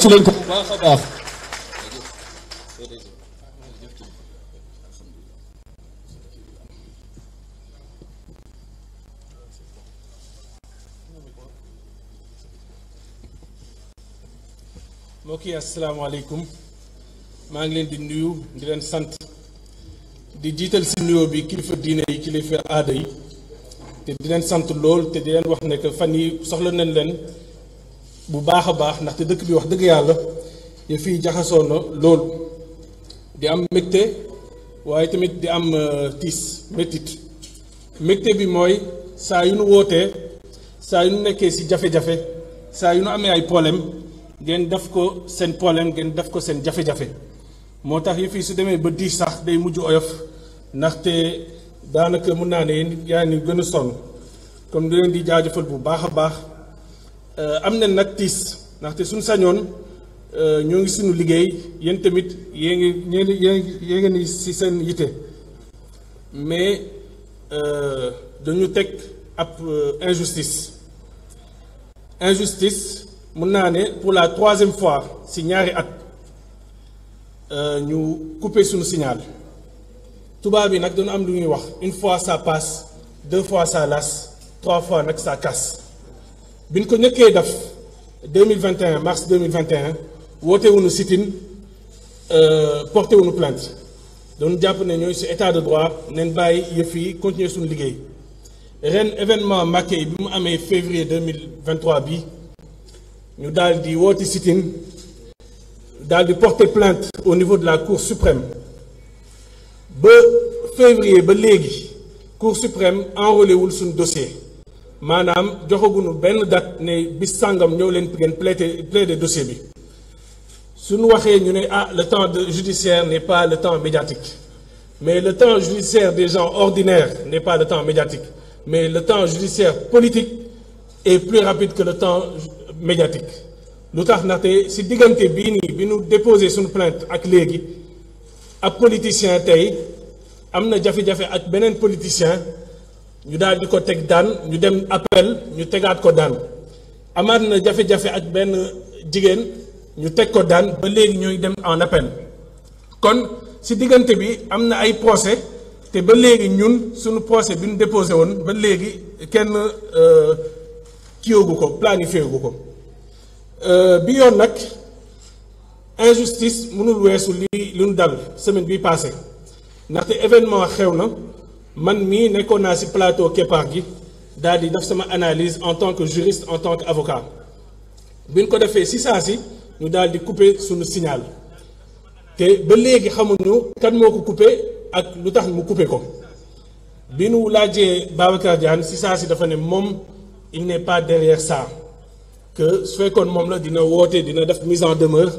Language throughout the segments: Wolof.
ci leen ko bu maa ngi leen di nuyu di leen sant di jiital si nuyoo bi kilifa diine yi kilifa aada yi te di leen sant lool te di leen wax ne fan yi soxla nañ leen bu baax a baax ndaxte dëkk bi wax dëgg yàlla ya fii jaxasoo na loolu di am mbégte waaye tamit di am euh, tiis métit mbégte bi mooy saa yu nu wootee saa yu nu nekkee si jafe-jafe saa yu nu amee ay problème ngeen def ko seen problème ngeen def ko seen jafe-jafe moo tax yëf fii su demee ba diis sax day mujj oyof ndaxte daanaka mun naa ne yaa ngi gën a sonn comme di leen di jaajëfal bu baax a baax Euh, am na nag tiis ndaxte suñ sañoon euh, ñoo ngi suñu liggéey yéen tamit yée ngi yée ngeen ni si seen yitte mais euh, dañu teg ab injustice injustice mun naa ne pour la troisième fois si ñaari at ñu couper suñu signal tubaab yi nag dañu am lu ñuy wax une fois ça passe deux fois ça lasse trois fois nag ça casse biñ ko ñëkkee def 2021 mars 2021 woote wuñu sit-in euh, porté wuñu plainte doon jàpp ne ñooy si état de droit neen bàyyi yëf continuer suñu liggéey ren événement marqué yi bi mu amee février 2023 bi ñu daal di woote sit-in daal di porter plainte au niveau de la cour suprême ba février ba léegi cour suprême enrôlé wul suñu dossier maanaam joxaguñu benn dat ne bi sàngam ñëw leen ngeen plaider plaider dossier bi su suñu waxee ñu ne ah le temps de judiciaire n'est pas le temps médiatique mais le temps judiciaire des gens ordinaire n'est pas le temps médiatique mais le temps judiciaire politique est plus rapide que le temps médiatique lu tax te si diggante bii nii bi nu déposé suñu plainte ak léegi ab politicien tey am na jafe-jafe ak beneen politicien ñu daal di ko teg daan ñu dem appel ñu tegaat ko daan amaat na jafe-jafe ak benn jigéen ñu teg ko daan ba léegi ñooy dem en appel kon ci diggante bi am na ay procès te ba léegi ñun suñu procès bi ñu déposé woon ba léegi kenn euh, kiiwagu ko planifié gu ko euh, bi yoon nag injustice mënul weesu li lu ñu dal semaine bi passé ndaxte événement xew na man mii nekkoon naa si plateau keppaar gi daal di def sama analyse en tant que juriste en tant que avocat bi ñu ko defee si saa si ñu daal di couper suñu signal te ba léegi xamuñu kan moo ko couper ak lu tax mu couper ko bi nu laajee Babacar Diagne si saa si dafa ne moom il n'est pas derrière ça que su fekkoon moom la dina woote dina def mise en demeure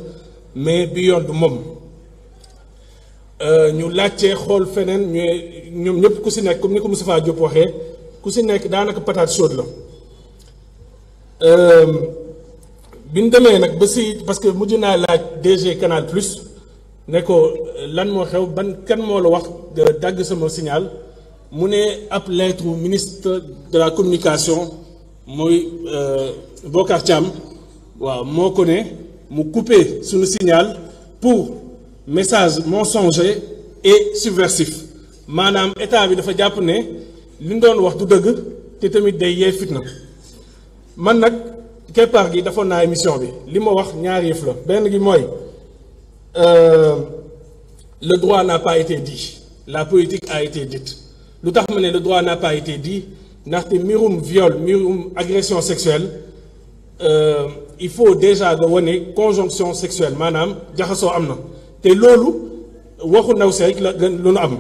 mais bi yoon du moom. Euh, ñu laajtee xool feneen ñoom ñëpp ku si nekk comme ni ko Moustapha Diop waxee ku si nekk daanaka patate chaude la euh, bi ñu demee nag ba si parce que mujj naa laaj DG Canal Plus ne ko euh, lan moo xew ban kan moo la wax dagg sama signal mu ne ab lettre ministre de la communication mooy Bocar Thiam waaw moo ko ne mu coupé suñu signal pour. message mensonger et subversif maanaam état bi dafa jàpp ne li ñu doon wax du dëgg te tamit day yee fitna man nag keppaar gi dafoon naa émission bi li ma wax ñaari yëf la benn gi mooy euh, le droit n'a pas été dit la politique a été dite lu tax ma ne le droit n'a pas été dit ndaxte mbirum viol mbirum agression sexuelle euh, il faut déjà nga wane conjonction sexuelle maanaam jaxasoo am na te loolu waxu ndaw si la lu nu am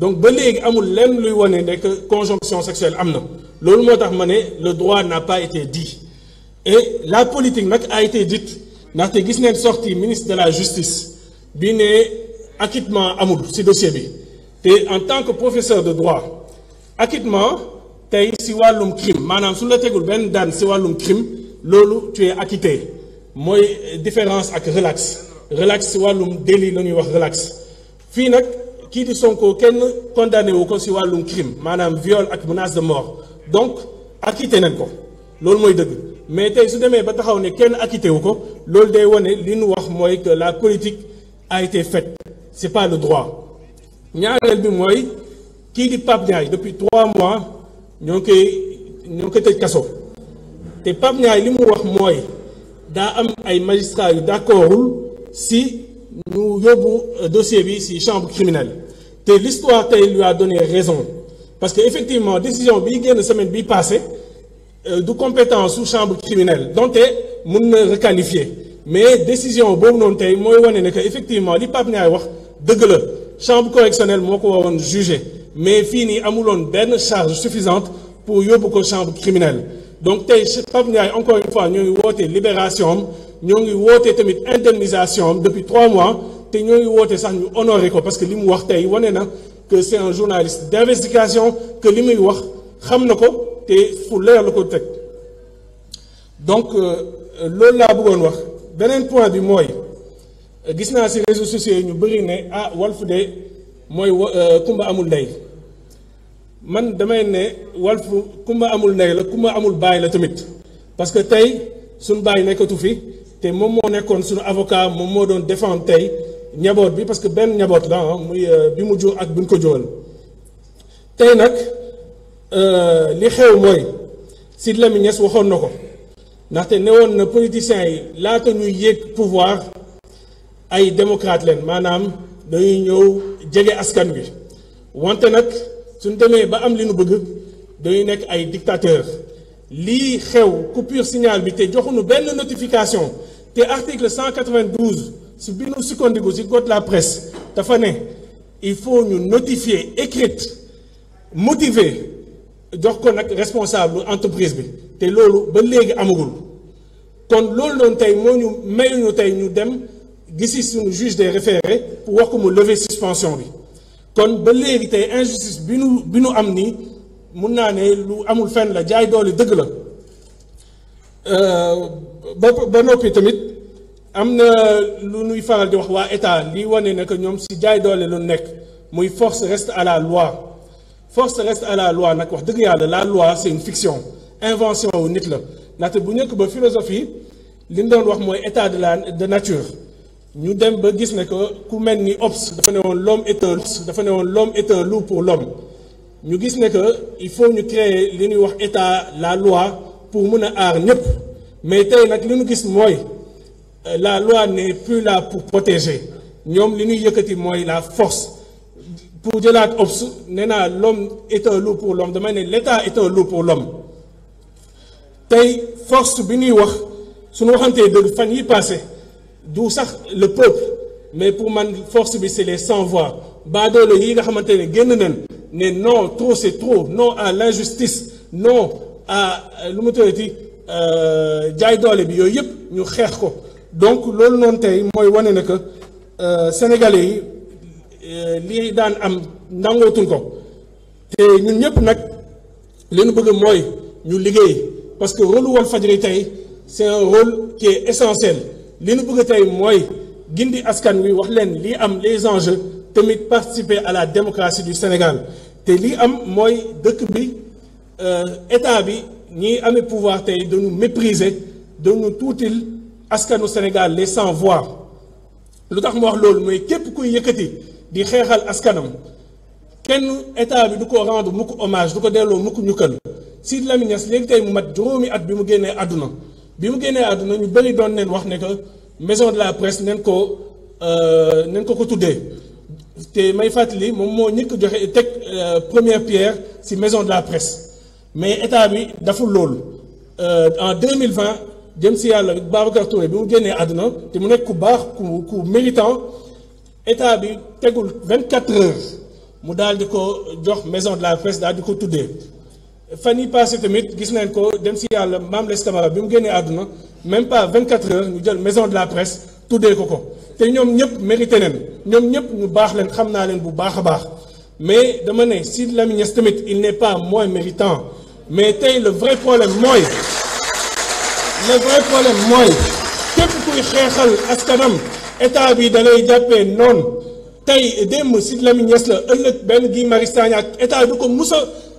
donc ba léegi amul lenn luy wane ne que conjonction sexuelle am na loolu moo tax ma ne le droit n'a pas été dit et la politique nag a dit dite ndaxte gis neen sorti ministre de la justice bi ne acquittement amul ci dossier bi te en tant que professeur de droit acquittement tey ci wàllum crime maanaam su la tegul benn daan ci wàllum crime loolu tu es mooy différence ak relax relax si wàllum délit la ñuy wax relax fii nag kii di Sonko kenn condamné wu ko si wàllum crime maanaam viol ak menace de mort donc acquitté nañ ko loolu mooy dëgg mais tey su demee ba taxaw ne kenn acquitté wu ko loolu day wane li ñu wax mooy que la politique a été faite c'est pas le droit ñaareel bi mooy kii di Pape Ndiaye depuis trois mois ñoo ngi koy ñoo ngi koy tëj kaso te Pape Ndiaye li mu wax mooy daa am ay magistrats yu d'accordul si ñu yóbbu euh, dossier bi si chambre criminelle te l'histoire te lui a donné raison parce que effectivement décision bi génn semaine bi passée euh, du compétence sous chambre criminelle donte mun na requalifier mais décision boobu noonu tey mooy wane ne que effectivement li Pape Ndiaye wax dëgg la chambre correctionnelle moo ko waroon jugé mais fii nii amuloon benn charge suffisante pour yóbbu ko chambre criminelle donc tey Pape Ndiaye encore une fois ñoo ngi woote libération am ñoo ngi wootee tamit indemnisation am depuis trois mois te ñoo ngi woote sax ñu honoré ko parce que li mu wax tey wane na que c'est un journaliste d'investigation que li muy wax xam na ko te fu leer la ko teg donc euh, loolu laa bëggoon wax beneen point bi mooy gis naa si réseaux sociaux yi ñu bëri ne ah Walf de mooy euh, Kumba amul ndey man damay ne Walf ku amul ndey la ku amul bàyyi la tamit parce que tey suñu baay nekkatu fi te moom moo nekkoon suñu avocat moom moo doon défendre tey njaboot bi parce que benn njaboot la ah, muy euh, bi mu jur ak buñ ko jural tey nag euh, li xew mooy Sidy Lamine waxoon na ko ndaxte ne woon na politiciens yi laata ñuy yéeg pouvoir ay démocrate leen maanaam dañuy ñëw jege askan wi wante nag suñ demee ba am li nu bëgg dañuy nekk ay dictateur lii xew coupure signal bi te joxuñu benn notification te article 192 si bi nu sukkandiku si code la presse dafa ne il faut ñu notifier écrite motive jox ko nag responsable entreprise bi te loolu ba léegi amagul kon loolu noonu tey moo ñu mayuñu tey ñu dem gisi suñu juge de référés pour wax ko mu lever suspension bi kon ba léegi tey injustice bi nu bi nu am nii mun naa ne lu amul fenn la jaay doole dëgg la euh, ba ba noppi tamit am na lu nuy faral di wax waa état lii wane ne ñoom si jaay doole lu nekk muy force reste à la loi force reste à wax dëgg yàlla la loi c'est une fiction invention wu nit la bu njëkk ba philosophie li ñu doon wax mooy état de la de nature ñu dem ba gis ne que ku mel ni Hobbes dafa ne woon l'homme est dafa ne woon l'homme est loup pour l'homme ñu gis ne que il faut ñu créer li ñuy wax état la loi pour mën a aar ñëpp mais tey nag li ñu gis mooy euh, la loi n'est plus là pour protéger ñoom li ñuy yëkkati mooy la force pour jëlaat Hobbes nee naa lom est un loup pour l'homme damay ne l'état est un loup pour l'homme tey force bi ñuy wax su nu waxantee dëgg fan yi passé du sax le peuple mais pour man force bi c'est les sans voix baadoolo yi nga xamante ne génn nañ ne non trop c'est trop non à l'injustice non à lu mu tëddati euh, jaay doole bi yooyu yëpp ñu xeex ko donc loolu noonu tey mooy wane na que euh, sénégalais yi euh, li daan am ndangootuñ ko te ñun ñëpp nag li bëgg mooy ñu liggéey parce que rôle Walfadjri tey c'est un rôle qui essentiel li nu bëgg tey mooy gindi askan wi wax leen lii am les enjeux tamit participer à la démocratie du Sénégal te li am mooy dëkk bi euh, état bi ñi amee pouvoir tey dañu mépriser dañu tuutil askanu Sénégal les sans voix lu tax mu wax loolu mooy képp kuy yëkkati di xeexal askanam kenn état bi du ko rendre mukk hommage du ko delloo mukk ñukkal Sidy Lamine Niass léegi tey mu mat juróomi at bi mu génnee àdduna bi mu génnee àdduna ñu bëri doon neen wax ne que maison de la presse neen ko euh, neen ko ko tuddee te may fàttali moom moo ñëkk joxe teg euh, première pierre ci maison de la presse mais état bi daful loolu euh, en 2020 jëm ci yàlla Babacar Touré bi mu génnee àdduna te mu nekk ku baax ku ku méritant état bi tegul 24 heures mu daal di ko jox maison de la presse daal di ko tuddee fan yi passé tamit gis nañ ko dem si yàlla Mame Less Camara bi mu génnee àdduna même pas 24 heures ñu jël maison de la presse tuddee ko ko te ñoom ñëpp mérité leen ñoom ñëpp ñu baax leen xam naa leen bu baax a baax mais dama ne Sidy Lamine Niass tamit il n'est pas moins méritant mais tey le vrai problème mooy le vrai problème mooy képp kuy xeexal askanam état bi da lay jàppee noonu tey démb Sidy Lamine Niass la ëllëg benn Guy Marius Sagna ak état du ko musa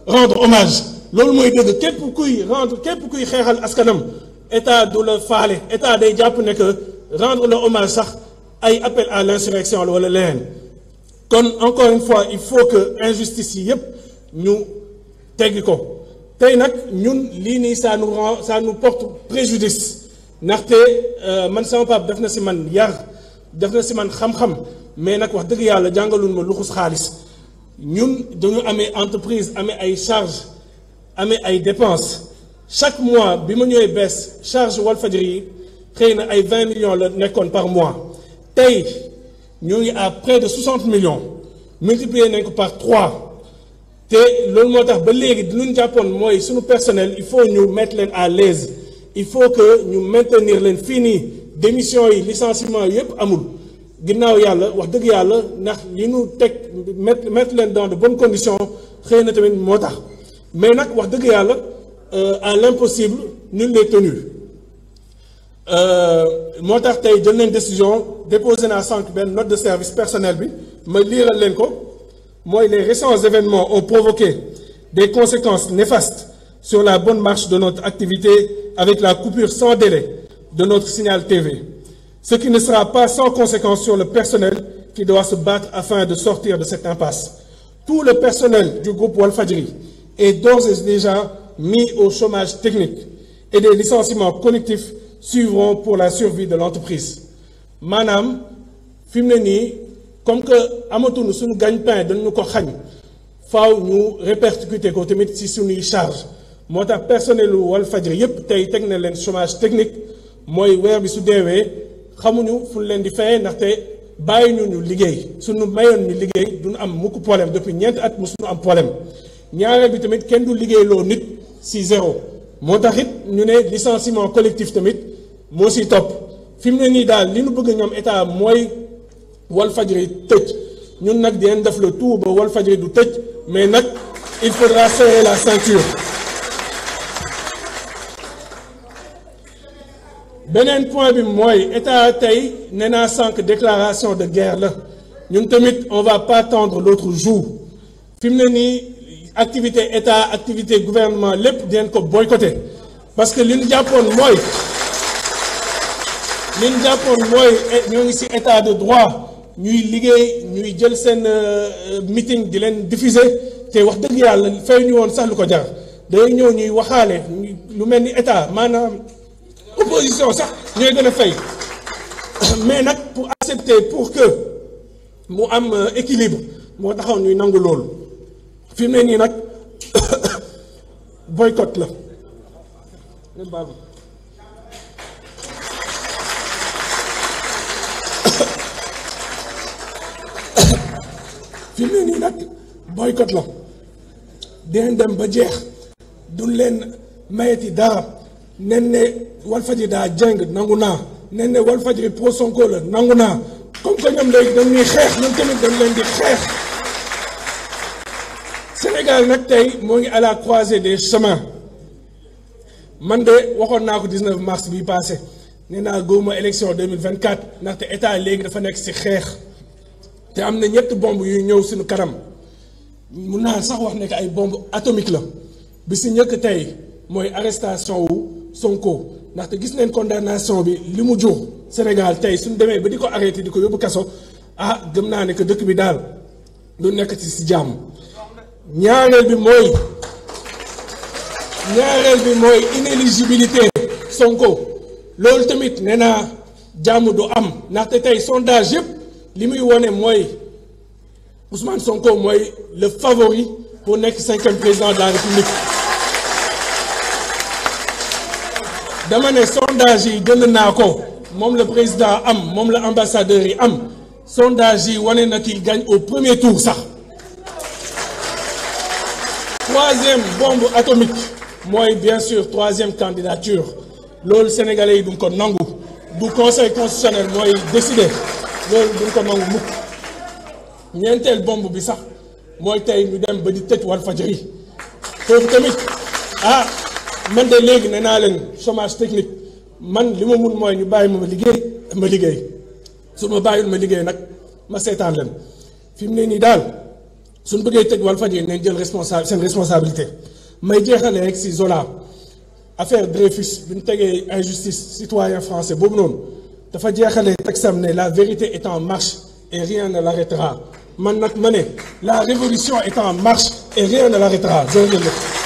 a rendre hommage loolu mooy dëgg képp kuy rendre képp kuy xeexal askanam état du la faale état day jàpp ne que rendre le hommage sax ay appel à l'insurrection la wala leneen kon encore une fois il faut que injustice yi yépp ñu teggi ko tey nag ñun lii nii ça nous rend ça nous porte préjudice ndaxte euh, man sama pap def na si man yar def na si man xam-xam mais nag wax dëgg yàlla lu ma luxus xaalis ñun dañu amee entreprise amee ay charges amee ay dépenses chaque mois bi ma ñëwee bees charge Walfadjri yi xëy na ay 20 millions la nekkoon par mois tey ñoo ngi à près de 60 millions multiplié nañ ko par 3 te loolu moo tax ba léegi di ñu jàppoon mooy suñu personnel il faut ñu mettre leen à l'aise il faut que ñu maintenir leen fii nii démission yi licenciement yëpp amul ginnaaw yàlla wax dëgg yàlla ndax li ñu teg mettre mettre leen dans de bonnes conditions xëy na tamit moo tax mais nag wax dëgg yàlla euh, à l'impossible nul n'est tenu euh, moo tax tey jël nañ décision déposé naa sànq benn note de service personnel bi ma liiral leen ko mooy les récents événements ont provoqué des conséquences néfastes sur la bonne marche de notre activité avec la coupure sans délai de notre signal TV ce qui ne sera pas sans conséquence sur le personnel qui doit se battre afin de sortir de cette impasse tout le personnel du groupe Walfadjri est d'ores et déjà mis au chômage technique et des licenciements collectifs suivront pour la survie de l'entreprise maanaam fi mu ne nii comme que amatuñu suñu gagne-pain dañu ko xañ faaw ñu répercuter ko tamit ci suñuy charge moo tax personnel lu Walfadjri yépp tey teg leen chômage technique mooy weer bi su deewee xamuñu fu leen di fayee ndaxte bàyyi ñu ñu liggéey suñu mayoon ñu liggéey duñu am mukk problème depuis ñeent at mu suñu am problème ñaareel bi tamit kenn du liggéeyloo nit si zéro moo tax it ñu ne licenciement collectif tamit moo si topp fi mu ne nii daal li nu bëgg ñoom état mooy Walfadjri tëj ñun nag di leen def le tout ba Walfadjri du tëj mais nag il faut faudra serrer la ceinture. beneen point bi mooy état tey nee naa sànq déclaration de guerre la ñun tamit on va pas attendre l'autre jour fi mu nii. activité état activité gouvernement lépp dinañ ko boycotté parce que li ñu jàppoon mooy li jàppoon mooy eh, ñoo ngi si état de droit ñuy liggéey ñuy jël seen euh, euh, meeting di leen diffuser te wax dëgg yàlla fay ñu woon sax lu ko jar day ñëw ñuy waxaale lu mel ni état maanaam opposition sax ñooy gën a fay mais nag pour accepter pour que mu am euh, équilibre moo taxaw ñuy nangu loolu. fi nii nag boykot la fi mu dem ba jeex duñ leen mayeti dara nen ne Walfadjri daa jëng nangu naa nen ne Walfadjri pro Sonko nangu naa comme que ñoom léegi dañ ñuy xeex ñun tamit dañ leen di xeex Sénégal nag tey moo ngi à la croisée des chemins man de waxoon naa ko 19 mars bi passé nee naa góoma élection 2024 ndaxte état léegi dafa nekk ci xeex te am na ñett bomb yuy ñëw suñu kanam mun naa sax wax ne ay bomb atomique la bi si ñëkk tey mooy arrestation wu Sonko ndaxte gis neen condamnation bi li mu jur Sénégal tey suñu demee ba di ko arrêté di ko yóbbu kaso ah gëm naa ne que dëkk bi daal du nekk ci si jàmm ñaareel bi mooy ñaareel bi mooy inéligibilité Sonko loolu tamit nee naa jàmm du am ndaxte tey sondage yëpp li muy wane mooy Ousmane Sonko mooy le favori pour nekk cinquième président de la République dama ne sondage yi jënd naa ko moom la président am moom la ambassadeur yi am sondage yi wane na kii gagne au premier tour sax troisième bomb atomique mooy bien sûr troisième candidature loolu sénégalais yi duñ ko nangu du conseil constitutionnel mooy décider loolu duñ ko nangu mukk ñeenteel bombe bi sax mooy tey ñu dem ba di tëj Walfadjri foofu tamit ah man de léegi ne naa leen somage technique man li ma mun mooy ñu bàyyi ma ma liggéey ma liggéey su ma bàyyul ma liggéey nag ma seetaan leen fi mu ne nii daal. suñ bëggee tëj Walfadjri nañ jël responsable seen responsabilité may jeexale rek si Zola affaire Dreyfus bi nu tegee injustice citoyen français boobu noonu dafa jeexale taxam ne la vérité est en marche et rien la l'arrêtera man nag ma ne la révolution est en marche et rien ne l'arrêtera jërëjëf